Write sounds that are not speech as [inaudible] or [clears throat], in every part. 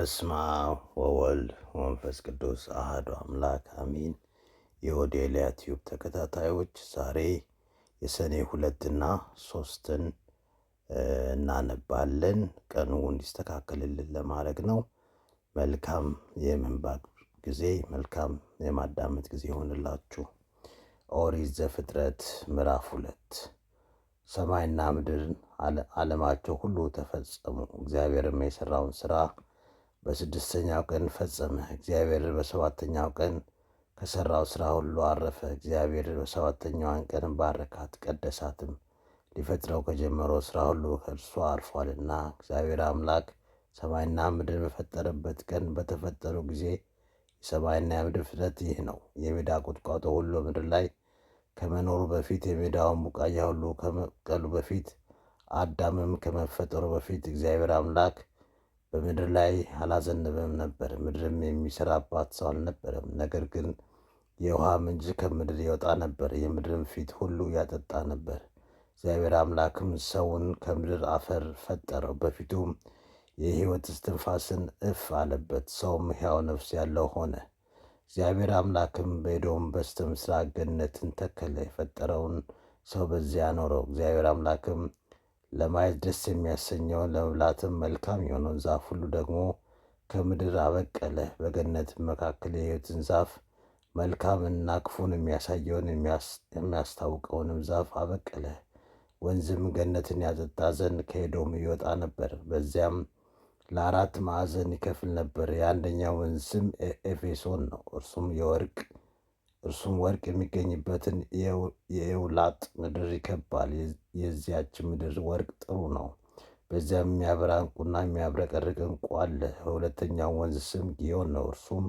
በስመ አብ ወወልድ ወመንፈስ ቅዱስ አህዶ አምላክ አሚን። የኦዴልያ ቲዩብ ተከታታዮች ዛሬ የሰኔ ሁለትና ሶስትን እናነባለን። ቀኑ እንዲስተካከልልን ለማድረግ ነው። መልካም የመንባብ ጊዜ፣ መልካም የማዳመጥ ጊዜ ይሆንላችሁ። ኦሪት ዘፍጥረት ምዕራፍ ሁለት ሰማይና ምድርን ዓለማቸው ሁሉ ተፈጸሙ። እግዚአብሔርም የሠራውን ሥራ በስድስተኛው ቀን ፈጸመ። እግዚአብሔር በሰባተኛው ቀን ከሠራው ሥራ ሁሉ አረፈ። እግዚአብሔር በሰባተኛዋን ቀን ባረካት፣ ቀደሳትም ሊፈጥረው ከጀመረው ሥራ ሁሉ ከእርሷ አርፏልና። እግዚአብሔር አምላክ ሰማይና ምድር በፈጠረበት ቀን በተፈጠሩ ጊዜ የሰማይና የምድር ፍጥረት ይህ ነው። የሜዳ ቁጥቋጦ ሁሉ ምድር ላይ ከመኖሩ በፊት የሜዳውን ቡቃያ ሁሉ ከመብቀሉ በፊት አዳምም ከመፈጠሩ በፊት እግዚአብሔር አምላክ በምድር ላይ አላዘነበም ነበር፣ ምድርም የሚሰራባት ሰው አልነበረም። ነገር ግን የውሃ ምንጭ ከምድር ይወጣ ነበር፣ የምድርም ፊት ሁሉ ያጠጣ ነበር። እግዚአብሔር አምላክም ሰውን ከምድር አፈር ፈጠረው፣ በፊቱም የሕይወት እስትንፋስን እፍ አለበት። ሰውም ሕያው ነፍስ ያለው ሆነ። እግዚአብሔር አምላክም በኤዶም በስተ ምሥራቅ ገነትን ተከለ፣ የፈጠረውን ሰው በዚያ አኖረው። እግዚአብሔር አምላክም ለማየት ደስ የሚያሰኘውን ለመብላትም መልካም የሆነውን ዛፍ ሁሉ ደግሞ ከምድር አበቀለ። በገነት መካከል የሕይወትን ዛፍ መልካምና ክፉን የሚያሳየውን የሚያስታውቀውንም ዛፍ አበቀለ። ወንዝም ገነትን ያጠጣ ዘንድ ከሄዶም ይወጣ ነበር። በዚያም ለአራት ማዕዘን ይከፍል ነበር። የአንደኛው ወንዝ ስም ኤፌሶን ነው። እርሱም የወርቅ እርሱም ወርቅ የሚገኝበትን የኤውላጥ ምድር ይከባል። የዚያች ምድር ወርቅ ጥሩ ነው። በዚያም የሚያበራ እንቁና የሚያብረቀርቅ እንቁ አለ። የሁለተኛው ወንዝ ስም ጊዮን ነው። እርሱም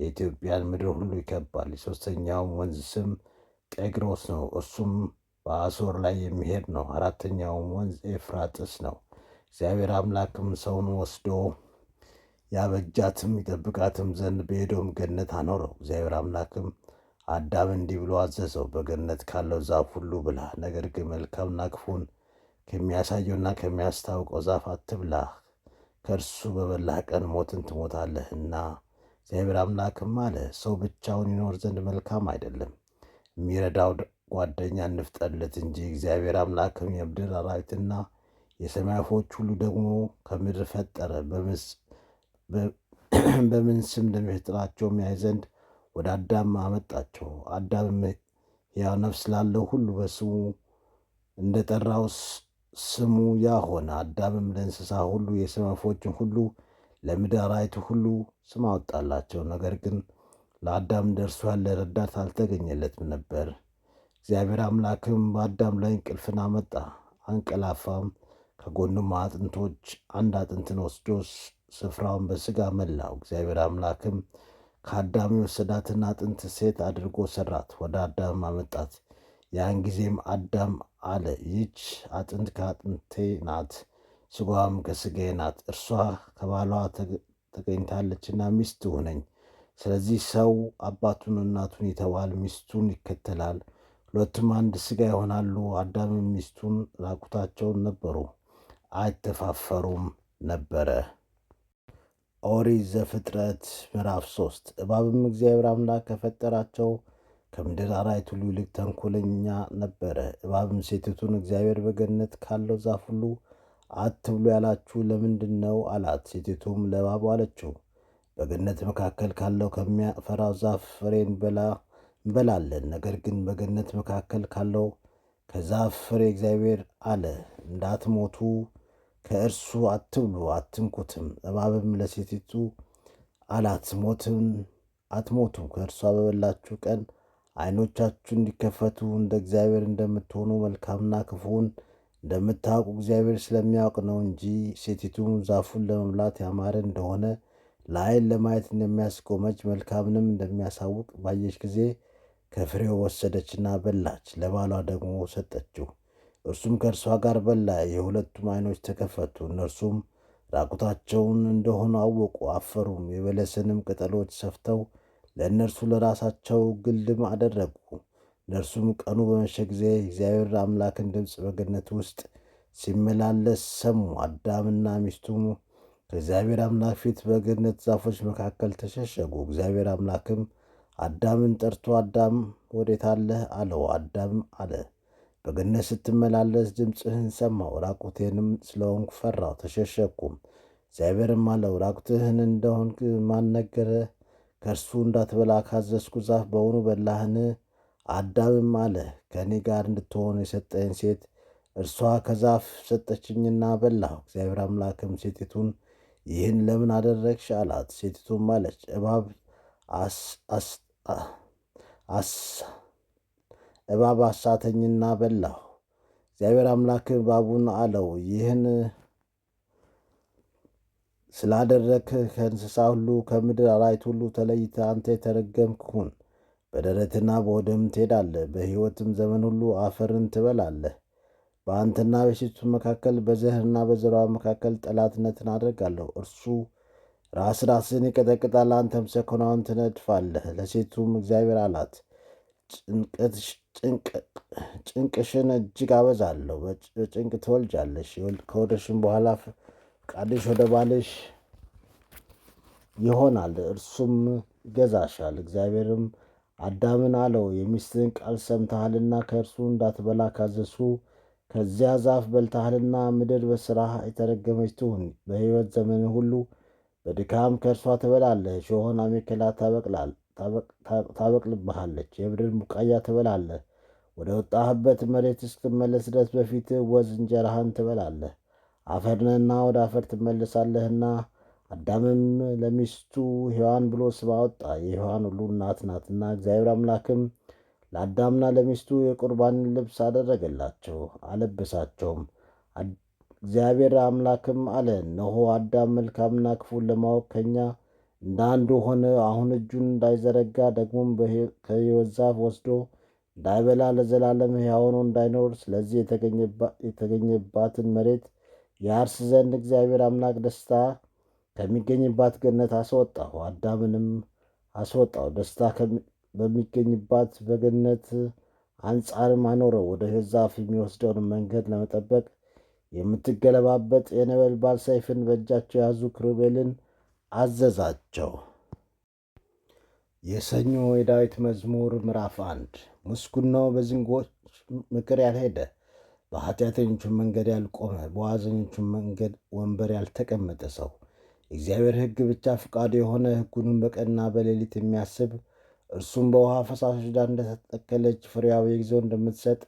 የኢትዮጵያን ምድር ሁሉ ይከባል። የሦስተኛውም ወንዝ ስም ጤግሮስ ነው። እርሱም በአሶር ላይ የሚሄድ ነው። አራተኛውም ወንዝ ኤፍራጥስ ነው። እግዚአብሔር አምላክም ሰውን ወስዶ ያበጃትም ይጠብቃትም ዘንድ በኤዶም ገነት አኖረው። እግዚአብሔር አምላክም አዳም እንዲህ ብሎ አዘዘው፣ በገነት ካለው ዛፍ ሁሉ ብላ፣ ነገር ግን መልካምና ክፉን ከሚያሳየውና ከሚያስታውቀው ዛፍ አትብላ፣ ከእርሱ በበላህ ቀን ሞትን ትሞታለህና። እግዚአብሔር አምላክም አለ፣ ሰው ብቻውን ይኖር ዘንድ መልካም አይደለም፣ የሚረዳው ጓደኛ እንፍጠለት እንጂ። እግዚአብሔር አምላክም የምድር አራዊትና የሰማይ ወፎች ሁሉ ደግሞ ከምድር ፈጠረ፣ [clears throat] በምን ስም እንደሚፈጥራቸው ያይ ዘንድ ወደ አዳም አመጣቸው። አዳም ያው ነፍስ ላለው ሁሉ በስሙ እንደጠራው ስሙ ያ ሆነ። አዳምም ለእንስሳ ሁሉ፣ የሰማይ ወፎችን ሁሉ፣ ለምድር አራዊት ሁሉ ስም አወጣላቸው። ነገር ግን ለአዳም እንደ ያለ ረዳት አልተገኘለትም ነበር። እግዚአብሔር አምላክም በአዳም ላይ እንቅልፍን አመጣ፣ አንቀላፋም። ከጎኑም አጥንቶች አንድ አጥንትን ወስዶ ስፍራውን በስጋ መላው። እግዚአብሔር አምላክም ከአዳም የወሰዳትን አጥንት ሴት አድርጎ ሰራት፣ ወደ አዳም አመጣት። ያን ጊዜም አዳም አለ፣ ይች አጥንት ከአጥንቴ ናት፣ ስጋዋም ከስጋዬ ናት። እርሷ ከባሏ ተገኝታለችና ሚስት ሆነኝ ስለዚህ ሰው አባቱን እናቱን ይተዋል፣ ሚስቱን ይከተላል፣ ሁለቱም አንድ ስጋ ይሆናሉ። አዳምም ሚስቱን ራቁታቸውን ነበሩ፣ አይተፋፈሩም ነበረ። ኦሪት ዘፍጥረት ምዕራፍ ሶስት እባብም እግዚአብሔር አምላክ ከፈጠራቸው ከምድር አራዊት ሁሉ ይልቅ ተንኮለኛ ነበረ። እባብም ሴቲቱን እግዚአብሔር በገነት ካለው ዛፍ ሁሉ አትብሉ ያላችሁ ለምንድን ነው አላት። ሴቲቱም ለእባቡ አለችው በገነት መካከል ካለው ከሚያፈራው ዛፍ ፍሬ እንበላለን፣ ነገር ግን በገነት መካከል ካለው ከዛፍ ፍሬ እግዚአብሔር አለ እንዳትሞቱ ከእርሱ አትብሉ አትንኩትም። እባብም ለሴቲቱ አላት ሞትን አትሞቱም፣ ከእርሷ በበላችሁ ቀን ዓይኖቻችሁ እንዲከፈቱ እንደ እግዚአብሔር እንደምትሆኑ መልካምና ክፉውን እንደምታውቁ እግዚአብሔር ስለሚያውቅ ነው እንጂ ሴቲቱም ዛፉን ለመብላት ያማረ እንደሆነ ለዓይን ለማየት እንደሚያስቆመች መልካምንም እንደሚያሳውቅ ባየች ጊዜ ከፍሬው ወሰደችና በላች፣ ለባሏ ደግሞ ሰጠችው። እርሱም ከእርሷ ጋር በላ። የሁለቱም ዓይኖች ተከፈቱ፣ እነርሱም ራቁታቸውን እንደሆኑ አወቁ፣ አፈሩም። የበለስንም ቅጠሎች ሰፍተው ለእነርሱ ለራሳቸው ግልድም አደረጉ። እነርሱም ቀኑ በመሸ ጊዜ እግዚአብሔር አምላክን ድምፅ በገነት ውስጥ ሲመላለስ ሰሙ። አዳምና ሚስቱም ከእግዚአብሔር አምላክ ፊት በገነት ዛፎች መካከል ተሸሸጉ። እግዚአብሔር አምላክም አዳምን ጠርቶ አዳም ወዴት አለህ? አለው። አዳም አለ በገነት ስትመላለስ ድምፅህን ሰማ ራቁቴንም ስለሆንኩ ፈራው ተሸሸኩም። እግዚአብሔርም አለው ራቁትህን እንደሆንክ ማን ነገረህ? ከእርሱ እንዳትበላ ካዘዝኩ ዛፍ በውኑ በላህን? አዳምም አለ ከእኔ ጋር እንድትሆኑ የሰጠኝ ሴት እርሷ ከዛፍ ሰጠችኝና በላሁ። እግዚአብሔር አምላክም ሴቲቱን ይህን ለምን አደረግሽ አላት። ሴቲቱም አለች እባብ አስ እባብ አሳተኝና በላሁ። እግዚአብሔር አምላክ እባቡን አለው፣ ይህን ስላደረግ ከእንስሳ ሁሉ ከምድር አራዊት ሁሉ ተለይተ አንተ የተረገምክሁን በደረትና በወደም ትሄዳለህ፣ በሕይወትም ዘመን ሁሉ አፈርን ትበላለህ። በአንተና በሴቱ መካከል በዘርህና በዘሯ መካከል ጠላትነትን አደርጋለሁ። እርሱ ራስ ራስን ይቀጠቅጣል፣ አንተም ሰኮናውን ትነድፋለህ። ለሴቱም እግዚአብሔር አላት ጭንቅሽን እጅግ አበዛለሁ። ጭንቅ ትወልጃለሽ፣ ከወደሽን በኋላ ፈቃድሽ ወደ ባልሽ ይሆናል፣ እርሱም ይገዛሻል። እግዚአብሔርም አዳምን አለው፣ የሚስትን ቃል ሰምተሃልና ከእርሱ እንዳትበላ ካዘሱ ከዚያ ዛፍ በልተሃልና ምድር በሥራህ የተረገመች ትሁን። በሕይወት ዘመን ሁሉ በድካም ከእርሷ ትበላለህ፣ እሾህን አሜከላ ታበቅላል። ታበቅልብሃለች። የምድር ቡቃያ ትበላለህ። ወደ ወጣህበት መሬት እስክትመለስ ድረስ በፊት ወዝ እንጀራህን ትበላለህ። አፈርነህና ወደ አፈር ትመለሳለህና። አዳምም ለሚስቱ ሔዋን ብሎ ስም አወጣ። የሔዋን ሁሉ እናት ናትና። እግዚአብሔር አምላክም ለአዳምና ለሚስቱ የቁርባንን ልብስ አደረገላቸው፣ አለበሳቸውም። እግዚአብሔር አምላክም አለ፣ እነሆ አዳም መልካምና ክፉን ለማወቅ ከእኛ እንደ አንዱ ሆነ። አሁን እጁን እንዳይዘረጋ ደግሞም ከሕይወት ዛፍ ወስዶ እንዳይበላ ለዘላለም ያሆኖ እንዳይኖር ስለዚህ የተገኘባትን መሬት የአርስ ዘንድ እግዚአብሔር አምላክ ደስታ ከሚገኝባት ገነት አስወጣሁ፣ አዳምንም አስወጣው፣ ደስታ በሚገኝባት በገነት አንጻርም አኖረው። ወደ ሕይወት ዛፍ የሚወስደውን መንገድ ለመጠበቅ የምትገለባበት የነበልባል ሰይፍን በእጃቸው የያዙ ክሩቤልን አዘዛቸው። የሰኞ የዳዊት መዝሙር ምዕራፍ አንድ ምስጉናው በዝንጎች ምክር ያልሄደ በኃጢአተኞቹ መንገድ ያልቆመ በዋዘኞቹ መንገድ ወንበር ያልተቀመጠ ሰው የእግዚአብሔር ሕግ ብቻ ፈቃዱ የሆነ ሕጉንም በቀንና በሌሊት የሚያስብ እርሱም በውሃ ፈሳሾች ዳ እንደተተከለች ፍሬያዊ ጊዜው እንደምትሰጥ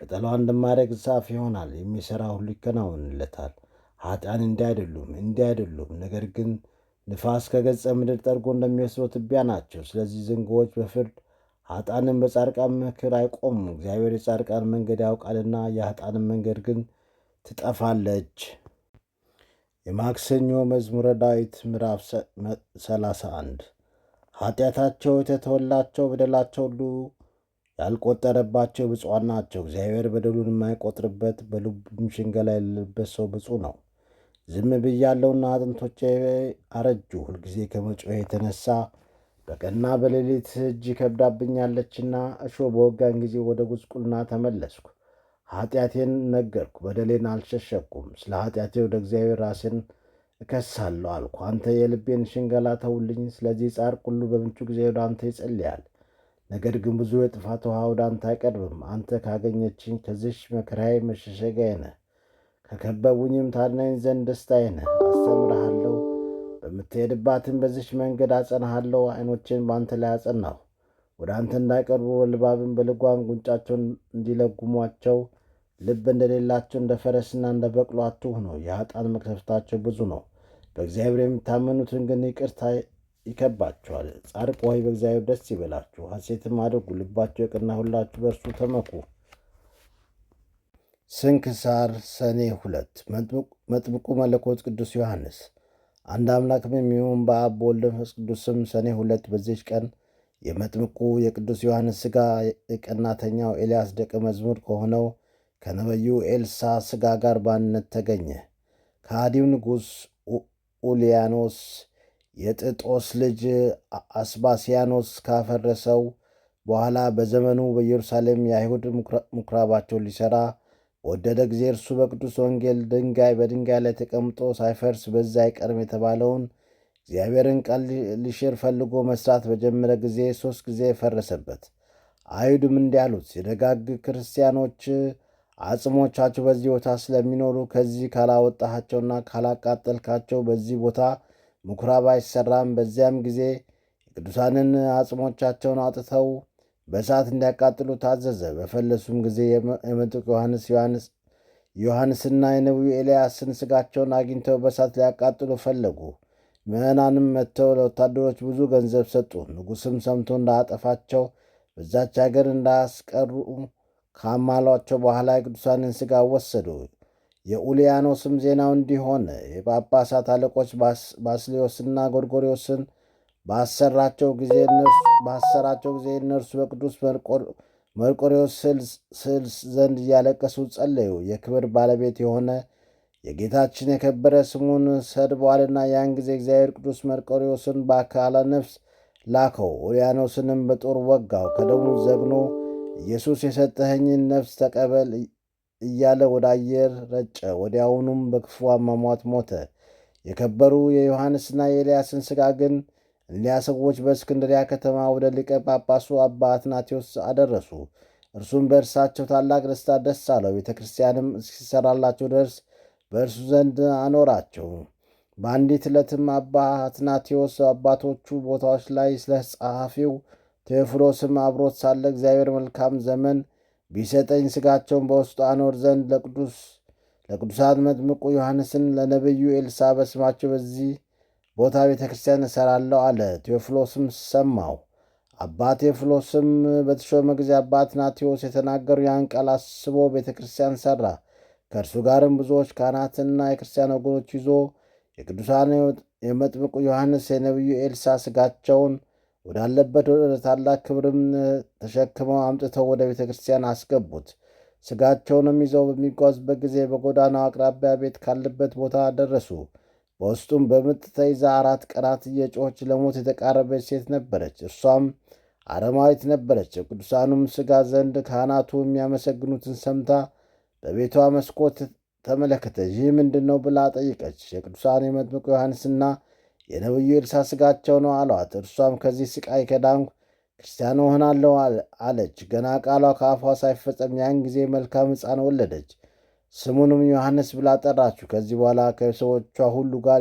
ቅጠሏ እንደማደርግ ዛፍ ይሆናል። የሚሠራ ሁሉ ይከናወንለታል። ኃጢአን እንዲህ አይደሉም እንዲህ አይደሉም፣ ነገር ግን ንፋስ ከገጸ ምድር ጠርጎ እንደሚወስደው ትቢያ ናቸው። ስለዚህ ዝንጎዎች በፍርድ ኃጣንም በጻድቃን ምክር አይቆሙም። እግዚአብሔር የጻድቃን መንገድ ያውቃልና የኃጣንም መንገድ ግን ትጠፋለች። የማክሰኞ መዝሙረ ዳዊት ምዕራፍ 31 ኃጢአታቸው የተተወላቸው በደላቸው ሁሉ ያልቆጠረባቸው ብፁዓን ናቸው። እግዚአብሔር በደሉን የማይቆጥርበት በልቡም ሽንገላ የሌለበት ሰው ብፁ ነው። ዝም ብያለውና አጥንቶቼ አረጁ። ሁልጊዜ ከመጮህ የተነሳ በቀንና በሌሊት እጅ ከብዳብኛለችና እሾ በወጋኝ ጊዜ ወደ ጉስቁልና ተመለስኩ። ኃጢአቴን ነገርኩ፣ በደሌን አልሸሸኩም። ስለ ኃጢአቴ ወደ እግዚአብሔር ራሴን እከሳለሁ አልኩ። አንተ የልቤን ሽንገላ ተውልኝ። ስለዚህ ጻድቅ ሁሉ በምቹ ጊዜ ወደ አንተ ይጸልያል። ነገር ግን ብዙ የጥፋት ውሃ ወደ አንተ አይቀርብም። አንተ ካገኘችኝ ከዚሽ መከራዬ መሸሸጊያዬ ነህ። ከከበቡኝም ታድነኝ ዘንድ ደስታዬ ነህ። አስተምርሃለሁ፣ በምትሄድባትን በዚች መንገድ አጸናሃለሁ። ዓይኖቼን በአንተ ላይ አጸናሁ፣ ወደ አንተ እንዳይቀርቡ ልባብን በልጓም ጉንጫቸውን እንዲለጉሟቸው ልብ እንደሌላቸው እንደ ፈረስና እንደ በቅሎ አትሁኑ። የኃጥአን መቅሰፍታቸው ብዙ ነው፣ በእግዚአብሔር የሚታመኑትን ግን ይቅርታ ይከባቸዋል። ጻድቅ ሆይ በእግዚአብሔር ደስ ይበላችሁ፣ ሐሴትም አድርጉ፣ ልባቸው የቀና ሁላችሁ በእርሱ ተመኩ። ስንክሳር ሰኔ ሁለት መጥምቁ መለኮት ቅዱስ ዮሐንስ። አንድ አምላክ የሚሆን በአብ በወልድ በመንፈስ ቅዱስም ሰኔ ሁለት በዚች ቀን የመጥምቁ የቅዱስ ዮሐንስ ሥጋ የቀናተኛው ኤልያስ ደቀ መዝሙር ከሆነው ከነበዩ ኤልሳ ሥጋ ጋር በአንድነት ተገኘ። ከሃዲው ንጉሥ ኡልያኖስ የጥጦስ ልጅ አስባስያኖስ ካፈረሰው በኋላ በዘመኑ በኢየሩሳሌም የአይሁድ ምኵራባቸው ሊሠራ ወደደ ጊዜ እርሱ በቅዱስ ወንጌል ድንጋይ በድንጋይ ላይ ተቀምጦ ሳይፈርስ በዛ አይቀርም የተባለውን እግዚአብሔርን ቃል ሊሽር ፈልጎ መስራት በጀመረ ጊዜ ሦስት ጊዜ ፈረሰበት። አይሁድም እንዲህ አሉት፣ የደጋግ ክርስቲያኖች አጽሞቻቸው በዚህ ቦታ ስለሚኖሩ ከዚህ ካላወጣሃቸውና ካላቃጠልካቸው በዚህ ቦታ ምኩራብ አይሰራም። በዚያም ጊዜ የቅዱሳንን አጽሞቻቸውን አውጥተው በእሳት እንዲያቃጥሉ ታዘዘ። በፈለሱም ጊዜ የመጥምቁ ዮሐንስ ዮሐንስ ዮሐንስና የነቢዩ ኤልያስን ሥጋቸውን አግኝተው በእሳት ሊያቃጥሉ ፈለጉ። ምዕናንም መጥተው ለወታደሮች ብዙ ገንዘብ ሰጡ። ንጉሥም ሰምቶ እንዳያጠፋቸው በዛች አገር እንዳያስቀሩ ካማሏቸው በኋላ የቅዱሳንን ሥጋ ወሰዱ። የኡልያኖስም ዜናው እንዲሆነ የጳጳሳት አለቆች ባስሌዎስና ጎርጎሪዎስን ባሰራቸው ጊዜ ባሰራቸው ጊዜ እነርሱ በቅዱስ መርቆሬዎስ ስዕል ዘንድ እያለቀሱ ጸለዩ። የክብር ባለቤት የሆነ የጌታችን የከበረ ስሙን ሰድበዋልና። ያን ጊዜ እግዚአብሔር ቅዱስ መርቆሪዎስን በአካለ ነፍስ ላከው፣ ኦልያኖስንም በጦር ወጋው። ከደቡብ ዘግኖ ኢየሱስ የሰጠኸኝን ነፍስ ተቀበል እያለ ወደ አየር ረጨ። ወዲያውኑም በክፉ አሟሟት ሞተ። የከበሩ የዮሐንስና የኤልያስን ሥጋ ግን ሊያ ሰዎች በእስክንድሪያ ከተማ ወደ ሊቀ ጳጳሱ አባ አትናቴዎስ አደረሱ። እርሱም በእርሳቸው ታላቅ ደስታ ደስ አለው። ቤተ ክርስቲያንም እስኪሰራላቸው ድረስ በእርሱ ዘንድ አኖራቸው። በአንዲት ዕለትም አባ አትናቴዎስ አባቶቹ ቦታዎች ላይ ስለ ጸሐፊው ቴዎፍሎስም አብሮት ሳለ እግዚአብሔር መልካም ዘመን ቢሰጠኝ ሥጋቸውን በውስጡ አኖር ዘንድ ለቅዱስ ለቅዱሳት መጥምቁ ዮሐንስን ለነቢዩ ኤልሳ በስማቸው በዚህ ቦታ ቤተ ክርስቲያን እሠራለሁ አለ። ቴዎፍሎስም ሰማው። አባ ቴዎፍሎስም በተሾመ ጊዜ አባ አትናቴዎስ የተናገሩ ያን ቃል አስቦ ቤተ ክርስቲያን ሠራ። ከእርሱ ጋርም ብዙዎች ካህናትና የክርስቲያን ወገኖች ይዞ የቅዱሳን የመጥምቁ ዮሐንስ የነቢዩ ኤልሳ ሥጋቸውን ወዳለበት ወደ ታላቅ ክብርም ተሸክመው አምጥተው ወደ ቤተ ክርስቲያን አስገቡት። ሥጋቸውንም ይዘው በሚጓዙበት ጊዜ በጎዳናው አቅራቢያ ቤት ካለበት ቦታ ደረሱ። በውስጡም በምጥ ተይዛ አራት ቀናት እየጮኸች ለሞት የተቃረበች ሴት ነበረች። እርሷም አረማዊት ነበረች። የቅዱሳኑም ሥጋ ዘንድ ካህናቱ የሚያመሰግኑትን ሰምታ በቤቷ መስኮት ተመለከተች። ይህ ምንድን ነው ብላ ጠይቀች። የቅዱሳን የመጥምቁ ዮሐንስና የነቢዩ ኤልሳ ሥጋቸው ነው አሏት። እርሷም ከዚህ ስቃይ ከዳንኩ ክርስቲያን እሆናለሁ አለች። ገና ቃሏ ከአፏ ሳይፈጸም ያን ጊዜ መልካም ሕፃን ወለደች። ስሙንም ዮሐንስ ብላ ጠራችው። ከዚህ በኋላ ከሰዎቿ ሁሉ ጋር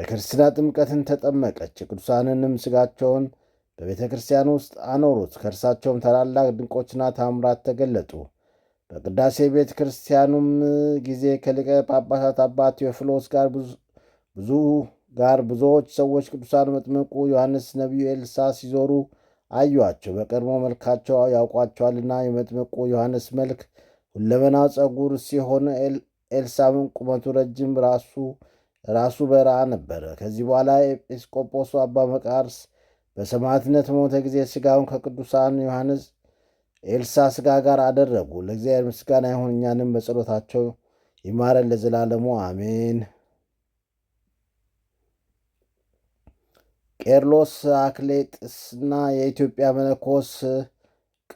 የክርስትና ጥምቀትን ተጠመቀች። የቅዱሳንንም ስጋቸውን በቤተ ክርስቲያን ውስጥ አኖሩት። ከእርሳቸውም ታላላቅ ድንቆችና ታምራት ተገለጡ። በቅዳሴ ቤተ ክርስቲያኑም ጊዜ ከሊቀ ጳጳሳት አባ ቴዎፍሎስ ጋር ብዙ ጋር ብዙዎች ሰዎች ቅዱሳን መጥምቁ ዮሐንስ ነቢዩ ኤልሳ ሲዞሩ አዩአቸው። በቀድሞ መልካቸው ያውቋቸዋልና የመጥምቁ ዮሐንስ መልክ ሁለመናው ጸጉር ሲሆን ኤልሳም ቁመቱ ረጅም ራሱ ራሱ በረሃ ነበረ። ከዚህ በኋላ ኤጲስቆጶሱ አባ መቃርስ በሰማዕትነት ሞተ ጊዜ ስጋውን ከቅዱሳን ዮሐንስ ኤልሳ ስጋ ጋር አደረጉ። ለእግዚአብሔር ምስጋና ይሁን፣ እኛንም በጸሎታቸው ይማረን ለዘላለሙ አሜን። ቄርሎስ አክሌጥስና የኢትዮጵያ መነኮስ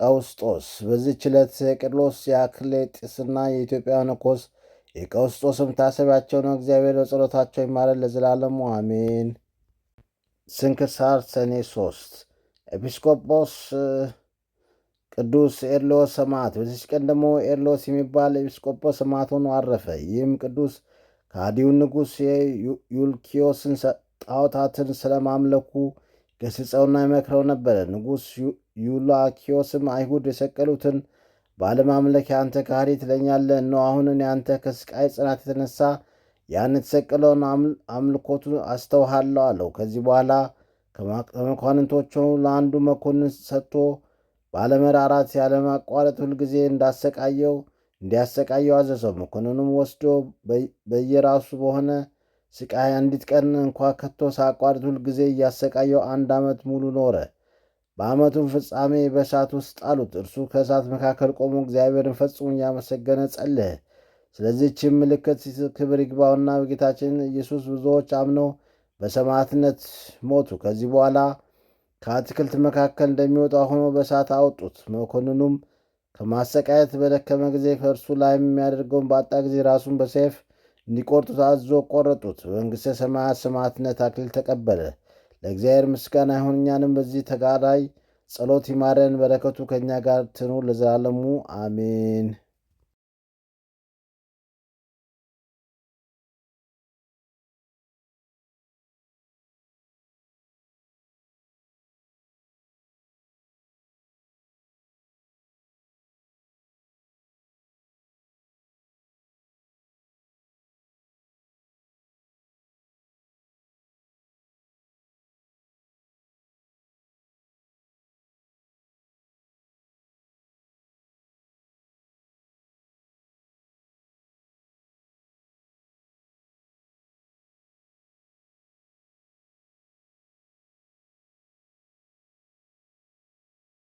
ቀውስጦስ። በዚህች ዕለት የቅርሎስ የአክሌጢስና የኢትዮጵያ ንኮስ የቀውስጦስም ታሰቢያቸው ነው። እግዚአብሔር በጸሎታቸው ይማረን ለዘላለሙ አሜን። ስንክሳር ሰኔ ሶስት ኤጲስቆጶስ ቅዱስ ኤርሎስ ሰማዕት። በዚች ቀን ደግሞ ኤርሎስ የሚባል ኤጲስቆጶስ ሰማዕት ሆኖ አረፈ። ይህም ቅዱስ ከሃዲውን ንጉሥ የዩልኪዮስን ጣዖታትን ስለማምለኩ ገስጸውና ይመክረው ነበረ። ንጉሥ ዩላኪዮስም አይሁድ የሰቀሉትን ባለማምለክ የአንተ ካህሪ ትለኛለ እነ አሁንን የአንተ ከስቃይ ጽናት የተነሳ ያን የተሰቀለውን አምልኮቱ አስተውሃለሁ አለው። ከዚህ በኋላ ከመኳንንቶቹ ለአንዱ መኮንን ሰጥቶ ባለመራራት ያለማቋረጥ ሁልጊዜ እንዳሰቃየው እንዲያሰቃየው አዘዘው። መኮንኑም ወስዶ በየራሱ በሆነ ስቃይ አንዲት ቀን እንኳ ከቶ ሳቋርጥ ሁልጊዜ እያሰቃየው አንድ ዓመት ሙሉ ኖረ። በዓመቱም ፍጻሜ በእሳት ውስጥ አሉት። እርሱ ከእሳት መካከል ቆሞ እግዚአብሔርን ፈጽሞ እያመሰገነ ጸለየ። ስለዚህችም ምልክት ክብር ይግባውና በጌታችን ኢየሱስ ብዙዎች አምነው በሰማዕትነት ሞቱ። ከዚህ በኋላ ከአትክልት መካከል እንደሚወጣ ሆኖ በእሳት አወጡት። መኮንኑም ከማሰቃየት በደከመ ጊዜ ከእርሱ ላይ የሚያደርገውን በአጣ ጊዜ ራሱን በሰይፍ እንዲቆርጡት አዞ ቆረጡት። በመንግሥተ ሰማያት ሰማዕትነት አክሊል ተቀበለ። ለእግዚአብሔር ምስጋና ይሁን። እኛንም በዚህ ተጋዳይ ጸሎት ይማረን፣ በረከቱ ከእኛ ጋር ትኑር ለዘላለሙ አሜን።